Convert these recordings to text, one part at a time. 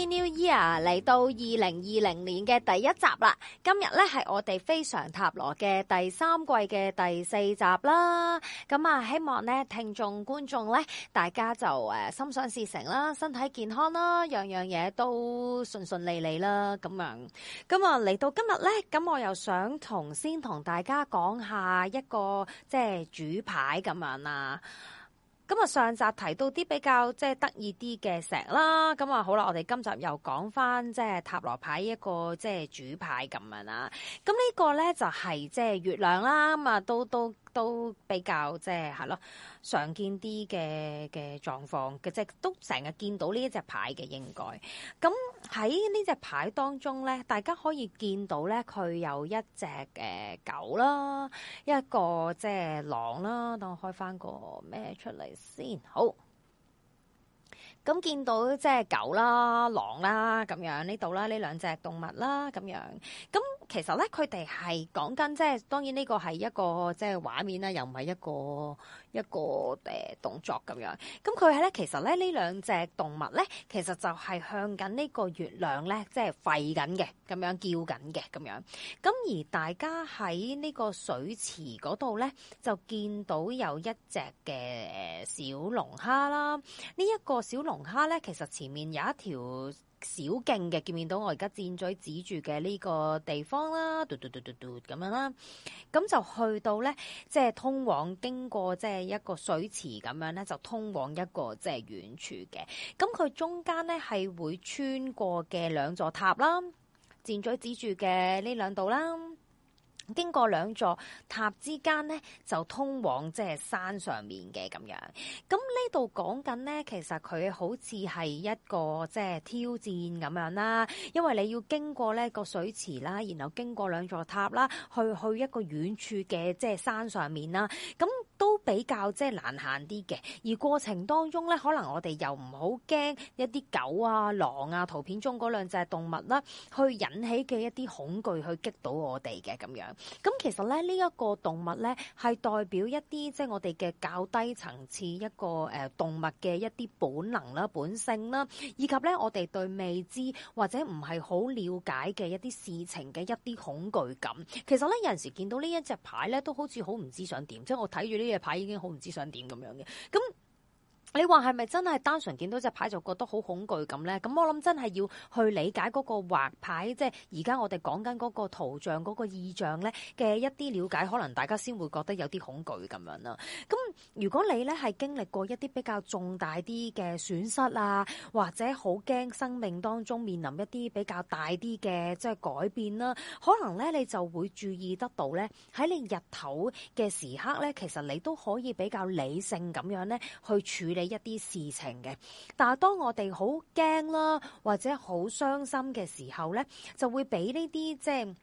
New Year 嚟到二零二零年嘅第一集啦，今日咧，係我哋非常塔羅嘅第三季嘅第四集啦。咁、嗯、啊，希望咧聽眾觀眾咧，大家就誒心想事成啦，身體健康啦，樣樣嘢都順順利利啦，咁樣。咁、嗯、啊，嚟、嗯、到今日咧，咁、嗯、我又想同先同大家講下一個即係主牌咁樣啊。咁啊，上集提到啲比較即係得意啲嘅石啦，咁啊好啦，我哋今集又講翻即係塔羅牌一個即係主牌咁樣啦，咁、這個、呢個咧就係即係月亮啦，咁啊都都。都都比較即係，係咯，常見啲嘅嘅狀況嘅，即係都成日見到呢一隻牌嘅應該。咁喺呢隻牌當中咧，大家可以見到咧，佢有一隻誒狗啦，一個即係狼啦。等我開返個咩出嚟先。好，咁見到即係狗啦、狼啦咁樣呢度啦，呢兩隻動物啦咁樣咁。其實咧，佢哋係講緊即係當然呢個係一個即係、就是、畫面啦，又唔係一個一個誒、呃、動作咁樣。咁佢係咧，其實咧呢兩隻動物咧，其實就係向緊呢個月亮咧，即係吠緊嘅，咁樣叫緊嘅咁樣。咁而大家喺呢個水池嗰度咧，就見到有一隻嘅小龍蝦啦。呢、這、一個小龍蝦咧，其實前面有一條。小徑嘅，見唔見到我而家箭嘴指住嘅呢個地方啦，嘟嘟嘟嘟嘟咁樣啦，咁就去到咧，即係通往經過即係一個水池咁樣咧，就通往一個即係遠處嘅，咁佢中間咧係會穿過嘅兩座塔啦，箭嘴指住嘅呢兩度啦。經過兩座塔之間咧，就通往即係、就是、山上面嘅咁樣。咁呢度講緊咧，其實佢好似係一個即係、就是、挑戰咁樣啦，因為你要經過呢個水池啦，然後經過兩座塔啦，去去一個遠處嘅即係山上面啦。咁都比較即係難行啲嘅，而過程當中咧，可能我哋又唔好驚一啲狗啊、狼啊圖片中兩隻動物啦、啊，去引起嘅一啲恐懼去激到我哋嘅咁樣，咁其實咧，呢、這、一個動物咧係代表一啲即係我哋嘅較低層次一個誒、呃、動物嘅一啲本能啦、啊、本性啦、啊，以及咧我哋對未知或者唔係好了解嘅一啲事情嘅一啲恐懼感。其實咧有陣時見到呢一隻牌咧，都好似好唔知想點，即係我睇住呢。嘅牌已經好唔知想點咁樣嘅，咁。你話係咪真係單純見到隻牌就覺得好恐懼咁咧？咁我諗真係要去理解個畫牌，即係而家我哋講緊個圖像，個意象咧嘅一啲了解，可能大家先會覺得有啲恐懼咁樣啦。咁如果你咧係經歷過一啲比較重大啲嘅損失啊，或者好驚生命當中面臨一啲比較大啲嘅即係改變啦，可能咧你就會注意得到咧喺你日頭嘅時刻咧，其實你都可以比較理性咁樣咧去處理。一啲事情嘅，但係當我哋好驚啦，或者好傷心嘅時候咧，就會俾呢啲即係，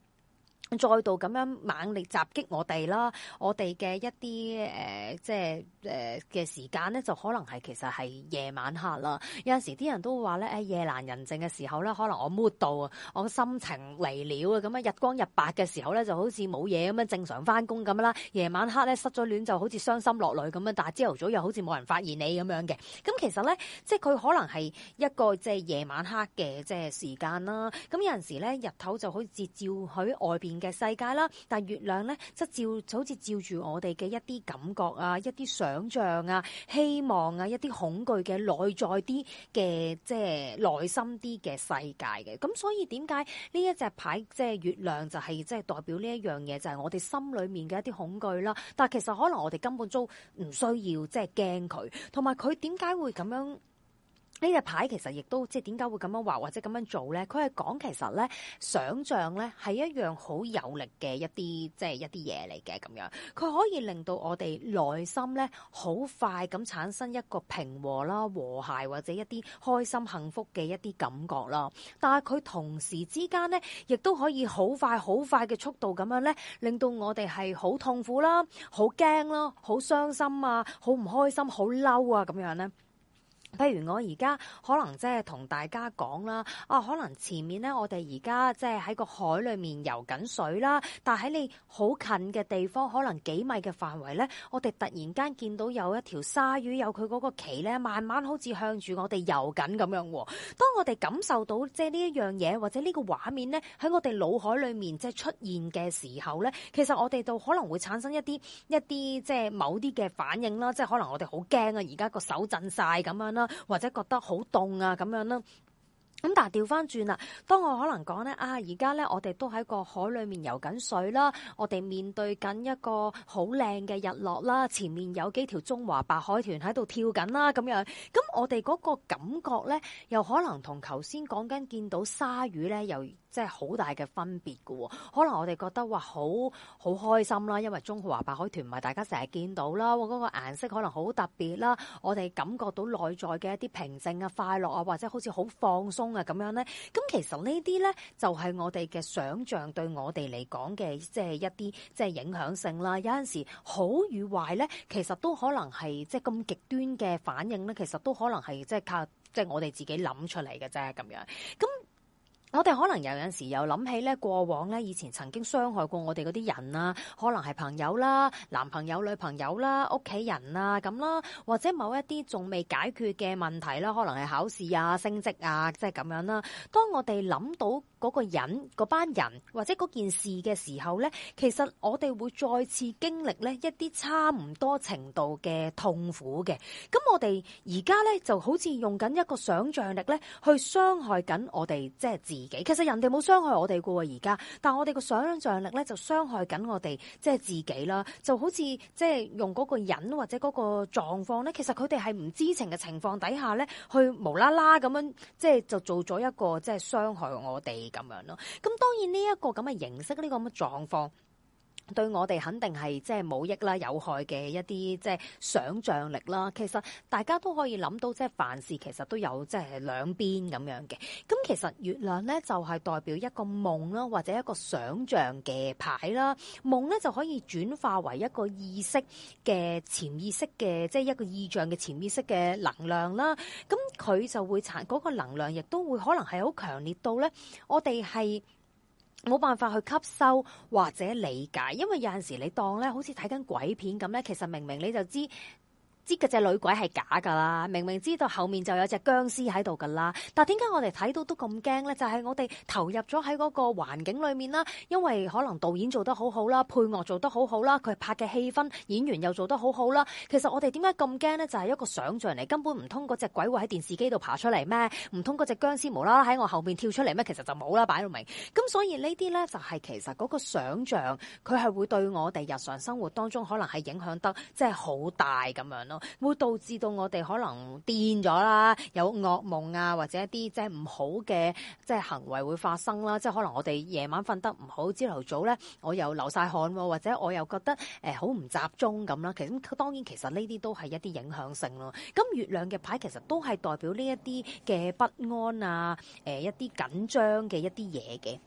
再度咁樣猛力襲擊我哋啦！我哋嘅一啲誒、呃，即係誒嘅時間呢，就可能係其實係夜晚黑啦。有陣時啲人都會話咧，誒夜難人靜嘅時候咧，可能我 mood 到啊，我心情離了啊，咁啊日光日白嘅時候咧，就好似冇嘢咁啊，正常翻工咁啦。夜晚黑咧，失咗戀，戀就好似傷心落淚咁啊，但係朝頭早又好似冇人發現你咁樣嘅。咁其實咧，即係佢可能係一個即係夜晚黑嘅即係時間啦。咁有陣時咧，日頭就好似照喺外邊，嘅世界啦，但係月亮咧，則照好似照住我哋嘅一啲感覺啊，一啲想象啊，希望啊，一啲恐懼嘅內在啲嘅，即係內心啲嘅世界嘅。咁所以點解呢一隻牌，即係月亮，就係，就係即係代表呢一樣嘢，就係我哋心裏面嘅一啲恐懼啦。但係其實可能我哋根本都唔需要即係驚佢，同埋佢點解會咁樣？呢隻牌其實亦都即係點解會咁樣話或者咁樣做呢？佢係講其實呢，想像呢係一樣好有力嘅一啲即係一啲嘢嚟嘅咁樣。佢可以令到我哋內心呢好快咁產生一個平和啦、和諧或者一啲開心、幸福嘅一啲感覺啦。但係佢同時之間呢，亦都可以好快、好快嘅速度咁樣呢，令到我哋係好痛苦啦、好驚咯、好傷心啊、好唔開心、好嬲啊咁樣呢。譬如我而家可能即係同大家講啦，啊，可能前面咧，我哋而家即係喺個海裏面游緊水啦，但係你好近嘅地方，可能幾米嘅範圍咧，我哋突然間見到有一條鯊魚，有佢個鰭咧，慢慢好似向住我哋游緊咁樣，哦。當我哋感受到即係呢一樣嘢，或者呢個畫面咧喺我哋腦海裏面即係出現嘅時候咧，其實我哋就可能會產生一啲一啲即係某啲嘅反應啦，即係可能我哋好驚啊，而家個手震晒咁樣啦，啊。或者覺得好凍啊咁樣啦，咁但係掉返轉啦，當我可能講呢，啊，而家呢，我哋都喺個海裏面游緊水啦，我哋面對緊一個好靚嘅日落啦，前面有幾條中華白海豚喺度跳緊啦咁樣，咁我哋嗰個感覺呢，又可能同頭先講緊見到鯊魚呢。又。即係好大嘅分別嘅喎，可能我哋覺得話好好開心啦，因為中華白海豚唔係大家成日見到啦，嗰、呃嗰個顏色可能好特別啦，我哋感覺到內在嘅一啲平靜啊、快樂啊，或者好似好放鬆啊咁樣咧。咁其實呢啲咧就係、係、我哋嘅想像對我哋嚟講嘅，即係一啲即係影響性啦。有陣時好與壞咧，其實都可能係即係咁極端嘅反應咧，其實都可能係即係靠即係我哋自己諗出嚟嘅啫咁樣。咁我哋可能有陣時又諗起咧過往咧以前曾經傷害過我哋啲人啊，可能係朋友啦、男朋友、女朋友啦、屋企人啊咁啦，或者某一啲仲未解決嘅問題啦，可能係考試啊、升職啊，即係咁樣啦。當我哋諗到嗰個人、嗰班人或者嗰件事嘅時候咧，其實我哋會再次經歷咧一啲差唔多程度嘅痛苦嘅。咁我哋而家咧就好似用緊一個想象力咧去傷害緊我哋，即係自。其實人哋冇傷害我哋噶，而家，但係我哋個想象力咧就傷害緊我哋，即係自己啦，就好似即係用嗰個人或者嗰個狀況咧，其實佢哋係唔知情嘅情況底下咧，去無啦啦咁樣，即係就做咗一個即係傷害我哋咁樣咯。咁當然呢一個咁嘅形式，呢個咁嘅狀況。對我哋肯定係即係冇益啦、有害嘅一啲即係想像力啦。其實大家都可以諗到，即係凡事其實都有即係兩邊咁樣嘅。咁其實月亮咧就係代表一個夢啦，或者一個想像嘅牌啦。夢咧就可以轉化為一個意識嘅潛意識嘅，即係一個意象嘅潛意識嘅能量啦。咁佢就會產嗰個能量，亦都會可能係好強烈到咧，我哋係，冇辦法去吸收或者理解，因為有陣時你當咧好似睇緊鬼片咁咧，其實明明你就知。知嗰隻女鬼係假噶啦，明明知道後面就有隻僵屍喺度噶啦，但係點解我哋睇到都咁驚咧？就係我哋投入咗喺嗰個環境裏面啦，因為可能導演做得好好啦，配樂做得好好啦，佢拍嘅氣氛，演員又做得好好啦。其實我哋點解咁驚咧？就係一個想象嚟根本唔通嗰隻鬼會喺電視機度爬出嚟咩？唔通嗰隻僵屍無啦啦喺我後面跳出嚟咩？其實就冇啦，擺到明。咁所以呢啲咧就係其實嗰個想象，佢係會對我哋日常生活當中可能係影響得即係好大咁樣咯。會導致到我哋可能癲咗啦，有噩夢啊，或者一啲即係唔好嘅即係行為會發生啦，即係可能我哋夜晚瞓得唔好，朝頭早咧我又流晒汗，或者我又覺得誒好唔集中咁啦。其實咁當然其實呢啲都係一啲影響性咯。咁月亮嘅牌其實都係代表呢一啲嘅不安啊，誒一啲緊張嘅一啲嘢嘅。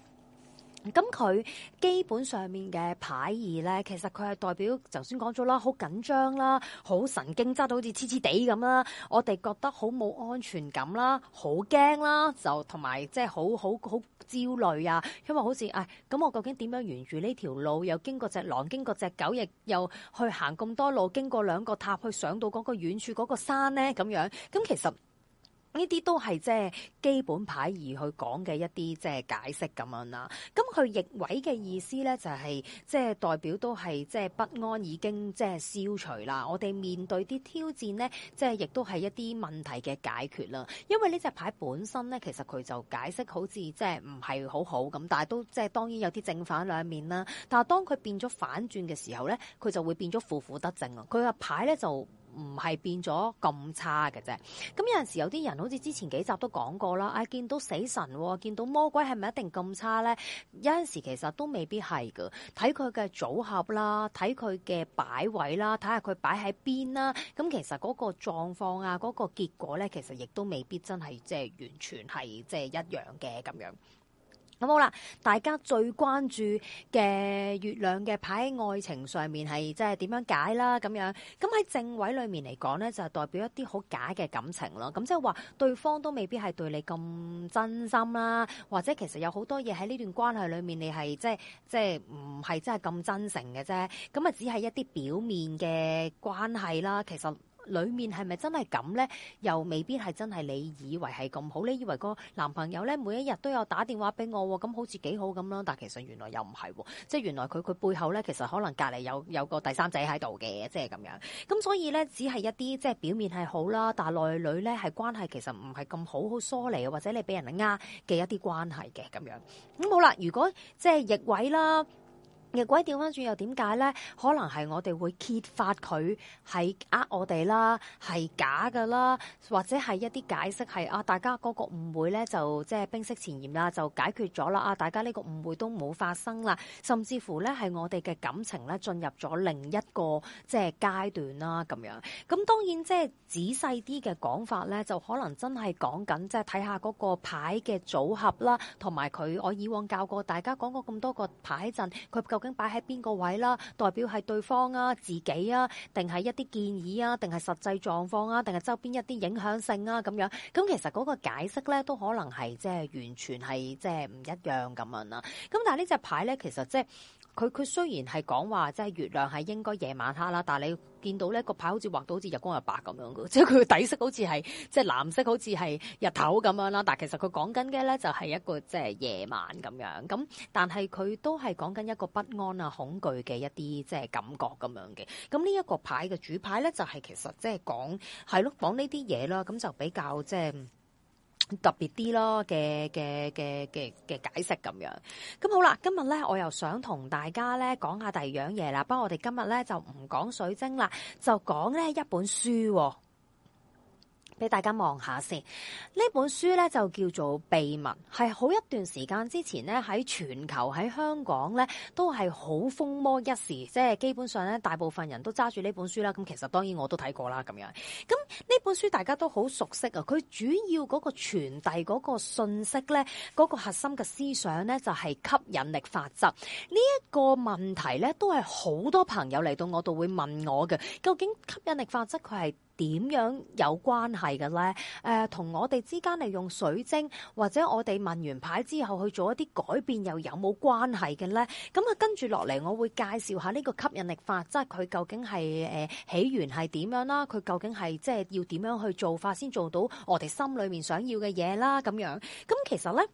咁佢基本上面嘅牌意咧，其實佢係代表，頭先講咗啦，好緊張啦，好神經質到好似痴痴地咁啦，我哋覺得好冇安全感啦，好驚啦，就同埋即係好好好焦慮啊，因為好似誒，咁、哎、我究竟點樣沿住呢條路，又經過隻狼，經過隻狗，又又去行咁多路，經過兩個塔，去上到嗰個遠處嗰個山咧，咁樣，咁其實。呢啲都係即係基本牌而去講嘅一啲即係解釋咁樣啦。咁佢逆位嘅意思咧，就係即係代表都係即係不安已經即係消除啦。我哋面對啲挑戰咧，即係亦都係一啲問題嘅解決啦。因為呢隻牌本身咧，其實佢就解釋好似即係唔係好好咁，但係都即係當然有啲正反兩面啦。但係當佢變咗反轉嘅時候咧，佢就會變咗負負得正啦。佢個牌咧就。唔係變咗咁差嘅啫。咁有陣時有啲人好似之前幾集都講過啦。哎、啊，見到死神、啊，見到魔鬼，係咪一定咁差咧？有陣時其實都未必係嘅，睇佢嘅組合啦，睇佢嘅擺位啦，睇下佢擺喺邊啦。咁其實嗰個狀況啊，嗰、嗰個結果咧，其實亦都未必真係即係完全係即係一樣嘅咁樣。咁好啦，大家最關注嘅月亮嘅牌喺愛情上面係即係點樣解啦？咁樣，咁喺正位裏面嚟講咧，就係代表一啲好假嘅感情咯。咁即係話對方都未必係對你咁真心啦，或者其實有好多嘢喺呢段關係裏面你，你係即係即係唔係真係咁真誠嘅啫。咁啊，只係一啲表面嘅關係啦，其實。裏面係咪真係咁呢？又未必係真係你以為係咁好。你以為個男朋友呢，每一日都有打電話俾我，咁好似幾好咁啦。但其實原來又唔係，即係原來佢佢背後呢，其實可能隔籬有有個第三者喺度嘅，即係咁樣。咁所以呢，只係一啲即係表面係好啦，但係內裏呢係關係其實唔係咁好，好疏離，或者你俾人呃嘅一啲關係嘅咁樣。咁好啦，如果即係逆位啦。逆位掉返轉又點解咧？可能係我哋會揭發佢係呃我哋啦，係假㗎啦，或者係一啲解釋係啊，大家嗰個誤會咧就即係冰釋前嫌啦，就解決咗啦啊！大家呢個誤會都冇發生啦，甚至乎咧係我哋嘅感情咧進入咗另一個即係階段啦咁樣。咁當然即係仔細啲嘅講法咧，就可能真係講緊即係睇下嗰個牌嘅組合啦，同埋佢我以往教過大家講過咁多個牌陣，佢夠。究竟擺喺邊個位啦，代表係對方啊、自己啊，定係一啲建議啊，定係實際狀況啊，定係周邊一啲影響性啊，咁樣咁，其實嗰個解釋咧都可能係即係完全係即係唔一樣咁樣啦。咁但係呢隻牌咧，其實即係。佢佢雖然係講話即係月亮係應該夜晚黑啦，但係你見到呢個牌好似畫到好似日光日白咁樣嘅，即係佢嘅底色好似係即係藍色，好似係日頭咁樣啦。但係其實佢講緊嘅咧就係一個即係夜晚咁樣咁，但係佢都係講緊一個不安啊、恐懼嘅一啲即係感覺咁樣嘅。咁呢一個牌嘅主牌咧就係其實即係講係咯講呢啲嘢啦，咁就比較即係。特別啲咯嘅嘅嘅嘅嘅解釋咁樣，咁好啦，今日咧我又想同大家咧講下第二樣嘢啦，不過我哋今日咧就唔講水晶啦，就講咧一本書哦。俾大家望下先，呢本書呢，就叫做《秘密》，係好一段時間之前呢，喺全球喺香港呢，都係好風魔一時，即係基本上呢，大部分人都揸住呢本書啦。咁其實當然我都睇過啦，咁樣，咁呢本書大家都好熟悉啊。佢主要嗰個傳遞嗰個信息呢，嗰個核心嘅思想呢，就係吸引力法則。呢一個問題呢，都係好多朋友嚟到我度會問我嘅，究竟吸引力法則佢係，點樣有關係嘅咧？誒、呃，同我哋之間利用水晶，或者我哋問完牌之後去做一啲改變，又有冇關係嘅咧？咁、嗯、啊，跟住落嚟，我會介紹下呢個吸引力法則，佢究竟係誒、呃、起源係點樣啦？佢究竟係即係要點樣去做法先做到我哋心裏面想要嘅嘢啦？咁樣，咁、嗯、其實咧。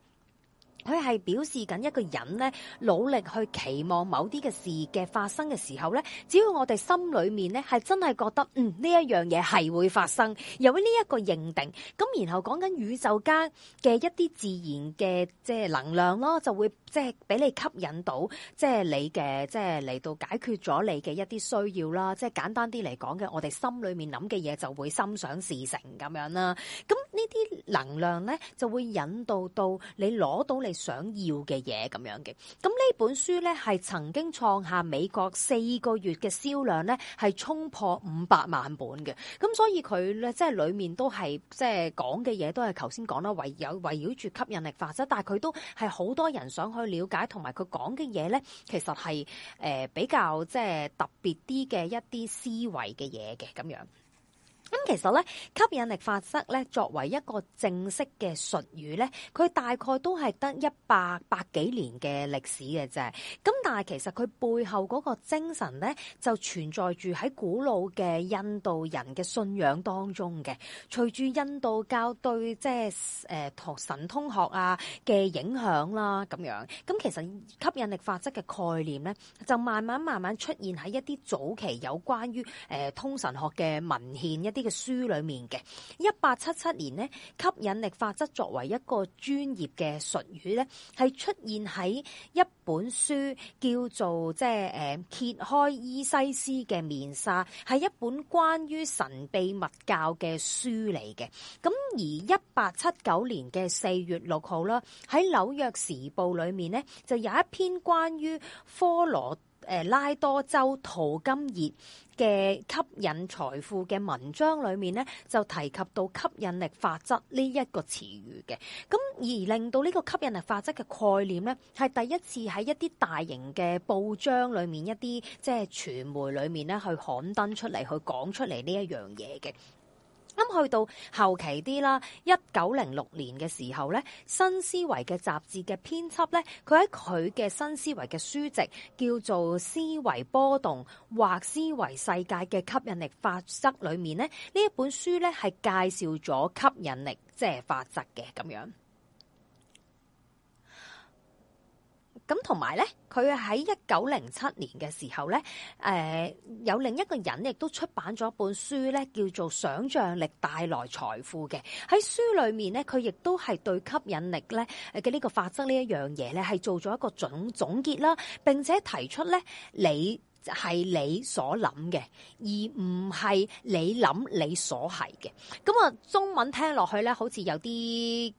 佢係表示緊一個人咧，努力去期望某啲嘅事嘅發生嘅時候咧，只要我哋心裏面咧係真係覺得嗯，呢一樣嘢係會發生，由於呢一個認定，咁然後講緊宇宙間嘅一啲自然嘅即係能量咯，就會即係俾你吸引到，即係你嘅即係嚟到解決咗你嘅一啲需要啦。即係簡單啲嚟講嘅，我哋心裏面諗嘅嘢就會心想事成咁樣啦。咁呢啲能量咧就會引導到你攞到你想要嘅嘢，咁樣嘅。咁呢本書呢係曾經創下美國四個月嘅銷量呢係衝破五百萬本嘅。咁所以佢咧即係裏面都係即係講嘅嘢，都係頭先講啦，圍有圍，圍繞住吸引力法則，但係佢都係好多人想去了解，同埋佢講嘅嘢呢，其實係誒、呃、比較即係特別啲嘅一啲思維嘅嘢嘅咁樣。咁其實咧，吸引力法則咧作為一個正式嘅術語咧，佢大概都係得一百百幾年嘅歷史嘅啫。咁但係其實佢背後嗰個精神咧，就存在住喺古老嘅印度人嘅信仰當中嘅。隨住印度教對即係誒通神通學啊嘅影響啦，咁樣咁其實吸引力法則嘅概念咧，就慢慢慢慢出現喺一啲早期有關於誒、呃、通神學嘅文獻一啲呢個書裏面嘅，一八七七年呢，吸引力法則作為一個專業嘅術語呢，係出現喺一本書叫做即係誒揭開伊西斯嘅面紗，係一本關於神秘密教嘅書嚟嘅。咁而一八七九年嘅四月六號啦，喺紐約時報裏面呢，就有一篇關於科羅。誒拉多州淘金熱嘅吸引財富嘅文章裏面咧，就提及到吸引力法則呢一個詞語嘅，咁而令到呢個吸引力法則嘅概念咧，係第一次喺一啲大型嘅報章裏面一啲即係傳媒裏面咧，去刊登出嚟，去講出嚟呢一樣嘢嘅。咁去到後期啲啦，一九零六年嘅時候咧，新思維嘅雜誌嘅編輯咧，佢喺佢嘅新思維嘅書籍叫做《思維波動》或《思維世界》嘅吸引力法則裏面呢，呢一本書咧係介紹咗吸引力即係、就是、法則嘅咁樣。咁同埋咧，佢喺一九零七年嘅時候咧，誒、呃、有另一個人亦都出版咗一本書咧，叫做《想像力帶來財富》嘅。喺書裏面咧，佢亦都係對吸引力咧嘅呢個法則呢一樣嘢咧，係做咗一個總總結啦。並且提出咧，你係你所諗嘅，而唔係你諗你所係嘅。咁啊，中文聽落去咧，好似有啲～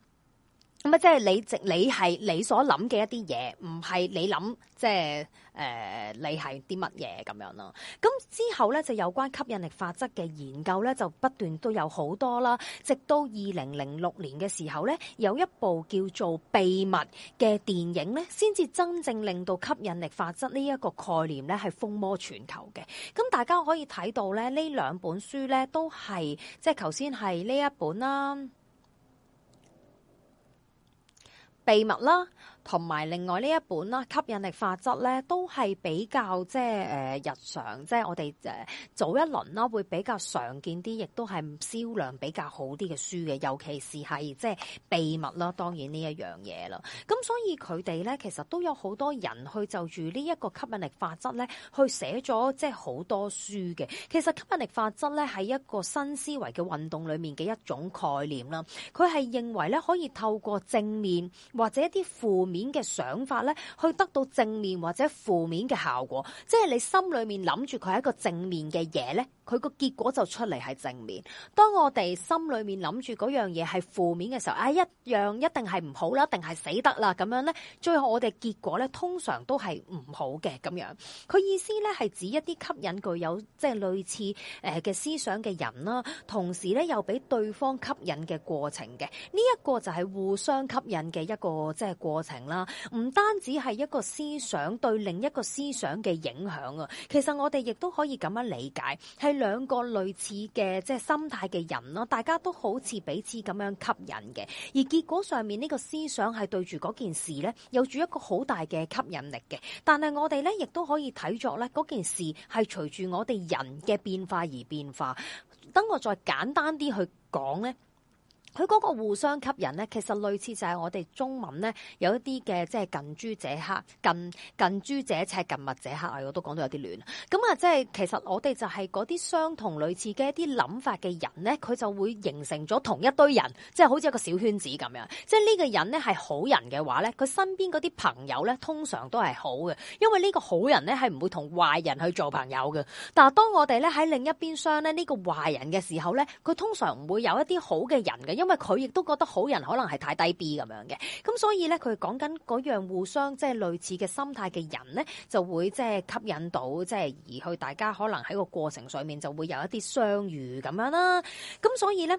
咁啊，即係你直，你係你所諗嘅一啲嘢，唔係你諗，即係誒，你係啲乜嘢咁樣咯？咁之後咧就有關吸引力法則嘅研究咧，就不斷都有好多啦。直到二零零六年嘅時候咧，有一部叫做《秘密》嘅電影咧，先至真正令到吸引力法則呢一個概念咧係風靡全球嘅。咁大家可以睇到咧，呢兩本書咧都係即係，頭先係呢一本啦。秘密啦～同埋另外呢一本啦，吸引力法則咧，都係比較即係誒日常，即係我哋誒、呃、早一輪啦，會比較常見啲，亦都係銷量比較好啲嘅書嘅。尤其是係即係秘密啦，當然呢一樣嘢啦。咁所以佢哋咧，其實都有好多人去就住呢一個吸引力法則咧，去寫咗即係好多書嘅。其實吸引力法則咧，係一個新思維嘅運動裏面嘅一種概念啦。佢係認為咧，可以透過正面或者一啲負面。面嘅想法咧，去得到正面或者負面嘅效果，即係你心裏面諗住佢係一個正面嘅嘢咧。佢個結果就出嚟，係正面。當我哋心裏面諗住嗰樣嘢係負面嘅時候，啊、哎、一樣一定係唔好啦，定係死得啦咁樣呢，最後我哋結果呢，通常都係唔好嘅。咁樣。佢意思呢，係指一啲吸引具有即係類似誒嘅思想嘅人啦，同時呢，又俾對方吸引嘅過程嘅呢一個就係互相吸引嘅一個即係過程啦。唔單止係一個思想對另一個思想嘅影響啊，其實我哋亦都可以咁樣理解係兩個類似嘅即係心態嘅人咯，大家都好似彼此咁樣吸引嘅。而結果上面呢個思想係對住嗰件事呢，有住一個好大嘅吸引力嘅。但係我哋呢，亦都可以睇作呢嗰件事係隨住我哋人嘅變化而變化。等我再簡單啲去講呢。佢嗰個互相吸引咧，其實類似就係我哋中文咧有一啲嘅即係近朱者黑，近近朱者赤，近墨者黑啊！我都講到有啲亂。咁、嗯、啊，即係其實我哋就係嗰啲相同類似嘅一啲諗法嘅人咧，佢就會形成咗同一堆人，即係好似一個小圈子咁樣。即係呢個人咧係好人嘅話咧，佢身邊嗰啲朋友咧通常都係好嘅，因為呢個好人咧係唔會同壞人去做朋友嘅。但係當我哋咧喺另一邊廂咧呢個壞人嘅時候咧，佢通常唔會有一啲好嘅人嘅。因為佢亦都覺得好人可能係太低 B 咁樣嘅，咁所以咧，佢講緊嗰樣互相即係類似嘅心態嘅人咧，就會即係吸引到即係而去，大家可能喺個過程上面就會有一啲相遇咁樣啦，咁所以咧。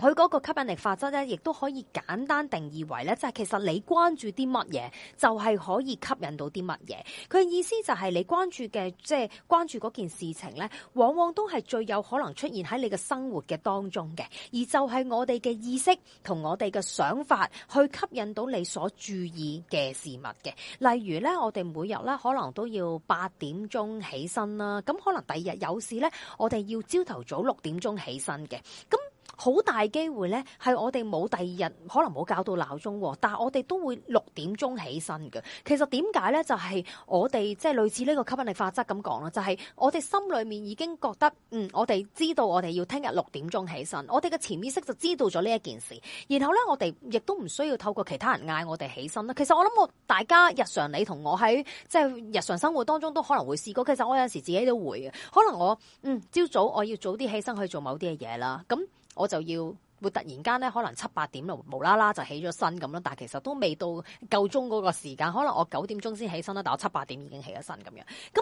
佢嗰個吸引力法則咧，亦都可以簡單定義為咧，就係其實你關注啲乜嘢，就係可以吸引到啲乜嘢。佢嘅意思就係你關注嘅，即係關注嗰件事情咧，往往都係最有可能出現喺你嘅生活嘅當中嘅。而就係我哋嘅意識同我哋嘅想法去吸引到你所注意嘅事物嘅。例如咧，我哋每日咧可能都要八點鐘起身啦，咁可能第二日有事咧，我哋要朝頭早六點鐘起身嘅。咁好大機會咧，係我哋冇第二日可能冇搞到鬧鐘，但係我哋都會六點鐘起身嘅。其實點解咧，就係我哋即係類似呢個吸引力法則咁講啦，就係我哋心裏面已經覺得，嗯，我哋知道我哋要聽日六點鐘起身，我哋嘅潛意識就知道咗呢一件事，然後咧我哋亦都唔需要透過其他人嗌我哋起身啦。其實我諗我大家日常你同我喺即係日常生活當中都可能會試過，其實我有陣時自己都會嘅。可能我嗯朝早我要早啲起身去做某啲嘅嘢啦，咁。我就要會突然間咧，可能七八點就無啦啦就起咗身咁咯，但係其實都未到夠鐘嗰個時間，可能我九點鐘先起身啦，但我七八點已經起咗身咁樣，咁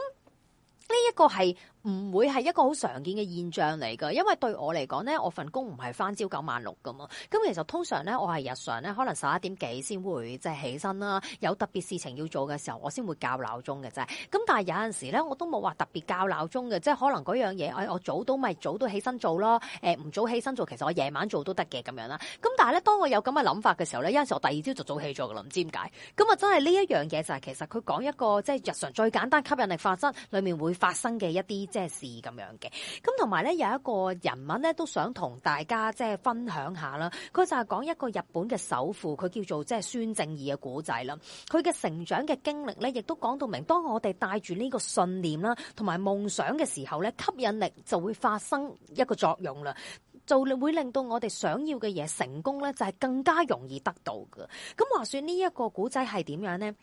呢一個係，唔會係一個好常見嘅現象嚟㗎，因為對我嚟講呢我份工唔係返朝九晚六㗎嘛。咁其實通常呢，我係日常呢，可能十一點幾先會即係起身啦。有特別事情要做嘅時候，我先會校鬧鐘嘅啫。咁但係有陣時呢，我都冇話特別校鬧鐘嘅，即係可能嗰樣嘢、哎，我早到咪早到起身做咯。唔、呃、早起身做，其實我夜晚做都得嘅咁樣啦。咁但係咧，當我有咁嘅諗法嘅時候呢，有陣時我第二朝就早起咗㗎啦，唔知點解。咁啊真係呢一樣嘢就係其實佢講一個即係日常最簡單吸引力法則裡面會發生嘅一啲。即係事咁樣嘅，咁同埋咧有一個人物咧都想同大家即係分享下啦。佢就係講一個日本嘅首富，佢叫做即係孫正義嘅古仔啦。佢嘅成長嘅經歷咧，亦都講到明，當我哋帶住呢個信念啦，同埋夢想嘅時候咧，吸引力就會發生一個作用啦，就會令到我哋想要嘅嘢，成功咧，就係更加容易得到噶。咁話說呢一個古仔係點樣咧？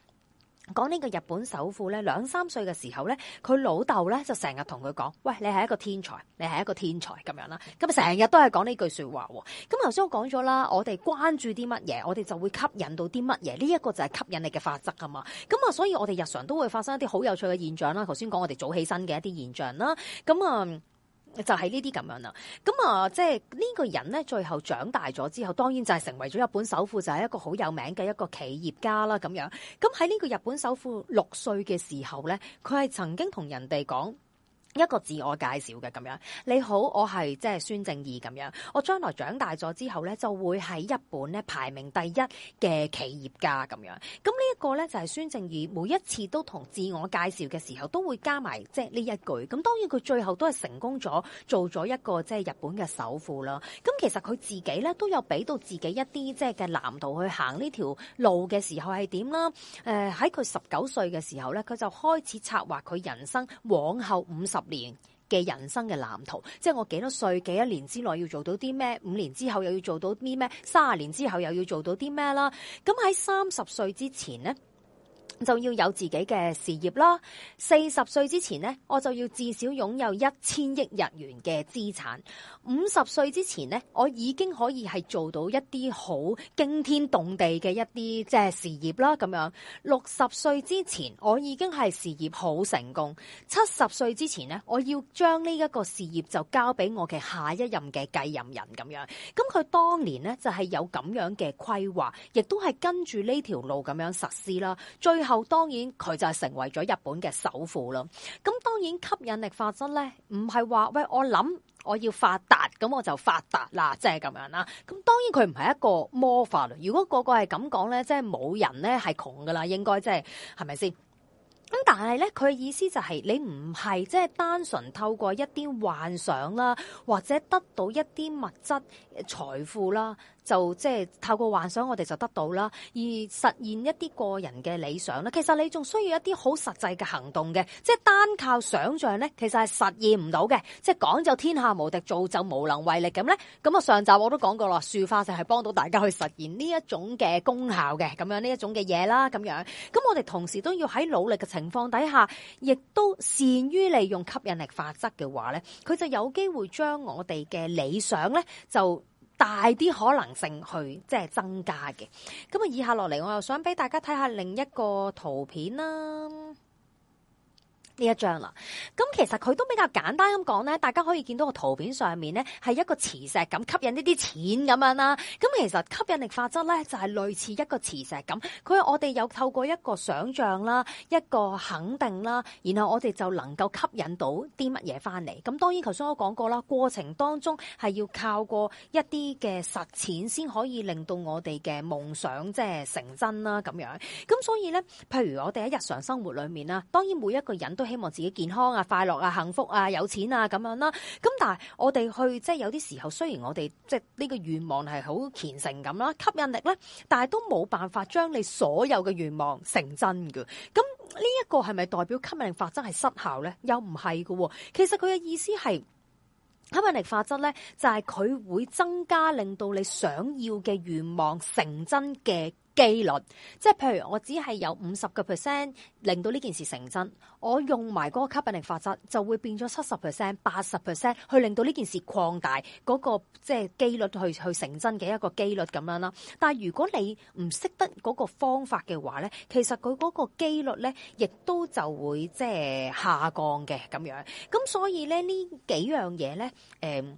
講呢個日本首富咧，兩三歲嘅時候咧，佢老豆咧就成日同佢講：喂，你係一個天才，你係一個天才咁樣啦。咁啊，成日都係講呢句說話。咁頭先我講咗啦，我哋關注啲乜嘢，我哋就會吸引到啲乜嘢。呢一個就係吸引力嘅法則啊嘛。咁啊，所以我哋日常都會發生一啲好有趣嘅現象啦。頭先講我哋早起身嘅一啲現象啦。咁啊。嗯就係呢啲咁樣啦，咁啊，即係呢個人呢，最後長大咗之後，當然就係成為咗日本首富，就係一個好有名嘅一個企業家啦，咁樣。咁喺呢個日本首富六歲嘅時候呢，佢係曾經同人哋講。一個自我介紹嘅咁樣，你好，我係即係孫正義咁樣，我將來長大咗之後呢，就會喺日本咧排名第一嘅企業家咁樣。咁呢一個呢，就係孫正義每一次都同自我介紹嘅時候都會加埋即係呢一句。咁當然佢最後都係成功咗做咗一個即係日本嘅首富啦。咁其實佢自己呢都有俾到自己一啲即係嘅藍圖去行呢條路嘅時候係點啦？誒喺佢十九歲嘅時候呢，佢就開始策劃佢人生往後五十年嘅人生嘅藍圖，即係我幾多歲幾多年之內要做到啲咩？五年之後又要做到啲咩？卅年之後又要做到啲咩啦？咁喺三十歲之前咧？就要有自己嘅事業啦。四十歲之前咧，我就要至少擁有一千億日元嘅資產。五十歲之前咧，我已經可以係做到一啲好驚天動地嘅一啲即係事業啦。咁樣六十歲之前，我已經係事業好成功。七十歲之前咧，我要將呢一個事業就交俾我嘅下一任嘅繼任人咁樣。咁佢當年咧就係有咁樣嘅規劃，亦都係跟住呢條路咁樣實施啦。最後。後當然佢就係成為咗日本嘅首富咯。咁當然吸引力法則咧，唔係話喂我諗我要發達，咁我就發達啦，即係咁樣啦。咁當然佢唔係一個魔法。如果個個係咁講咧，即係冇人咧係窮噶啦，應該即係係咪先？咁但係咧，佢意思就係、是、你唔係即係單純透過一啲幻想啦，或者得到一啲物質財富啦。就即係透過幻想，我哋就得到啦，而實現一啲個人嘅理想啦。其實你仲需要一啲好實際嘅行動嘅，即係單靠想象呢，其實係實現唔到嘅。即係講就天下無敵，做就無能為力咁呢，咁啊，上集我都講過啦，樹化石就係幫到大家去實現呢一種嘅功效嘅，咁樣呢一種嘅嘢啦，咁樣。咁我哋同時都要喺努力嘅情況底下，亦都善於利用吸引力法則嘅話呢，佢就有機會將我哋嘅理想呢就。大啲可能性去即係增加嘅，咁啊，以下落嚟我又想俾大家睇下另一個圖片啦。呢一張啦，咁其實佢都比較簡單咁講咧，大家可以見到個圖片上面咧係一個磁石咁吸引呢啲錢咁樣啦。咁其實吸引力法則咧就係類似一個磁石咁，佢話我哋有透過一個想像啦，一個肯定啦，然後我哋就能夠吸引到啲乜嘢翻嚟。咁當然頭先我講過啦，過程當中係要靠過一啲嘅實踐先可以令到我哋嘅夢想即係成真啦咁樣。咁所以咧，譬如我哋喺日常生活裏面啦，當然每一個人都，都希望自己健康啊、快樂啊、幸福啊、有錢啊咁樣啦。咁但係我哋去即係有啲時候，雖然我哋即係呢個願望係好虔誠咁啦，吸引力咧，但係都冇辦法將你所有嘅願望成真嘅。咁呢一個係咪代表吸引力法則係失效咧？又唔係㗎喎。其實佢嘅意思係吸引力法則咧，就係、是、佢會增加令到你想要嘅願望成真嘅機率，即係譬如我只係有五十個 percent 令到呢件事成真，我用埋嗰個吸引力法則就會變咗七十 percent、八十 percent，去令到呢件事擴大嗰個即係機率去去成真嘅一個機率咁樣啦。但係如果你唔識得嗰個方法嘅話咧，其實佢嗰個機率咧，亦都就會即係下降嘅咁樣。咁所以咧呢幾樣嘢咧，誒、呃、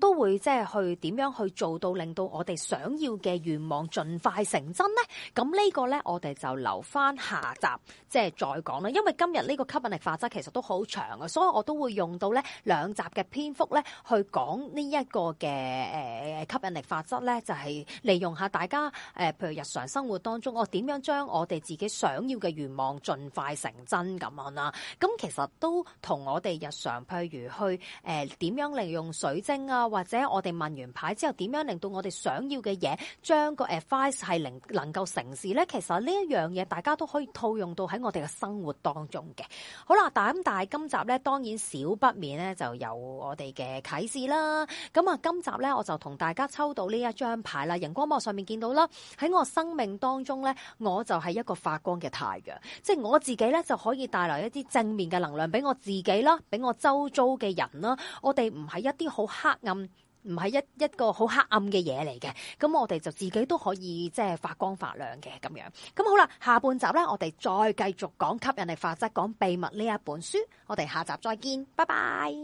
都會即係去點樣去做到令到我哋想要嘅願望盡快成真咧？咁呢個咧，我哋就留翻下集即係再講啦。因為今日呢個吸引力法則其實都好長啊，所以我都會用到咧兩集嘅篇幅咧去講呢一個嘅誒、呃、吸引力法則咧，就係、是、利用下大家誒、呃、譬如日常生活當中，我、哦、點樣將我哋自己想要嘅願望盡快成真咁樣啦、啊？咁其實都同我哋日常譬如去誒點、呃、樣利用水晶啊～啊，或者我哋問完牌之後，點樣令到我哋想要嘅嘢，將個 advice 係能能夠成事咧？其實呢一樣嘢，大家都可以套用到喺我哋嘅生活當中嘅。好啦，大咁大，今集咧當然少不免咧，就有我哋嘅啟示啦。咁啊，今集咧我就同大家抽到呢一張牌啦。熒光幕上面見到啦，喺我生命當中咧，我就係一個發光嘅太陽，即係我自己咧就可以帶來一啲正面嘅能量俾我自己啦，俾我周遭嘅人啦。我哋唔係一啲好黑。暗唔係一一個好黑暗嘅嘢嚟嘅，咁我哋就自己都可以即係發光發亮嘅咁樣。咁好啦，下半集咧，我哋再繼續講吸引力法則，講秘密呢一本書，我哋下集再見，拜拜。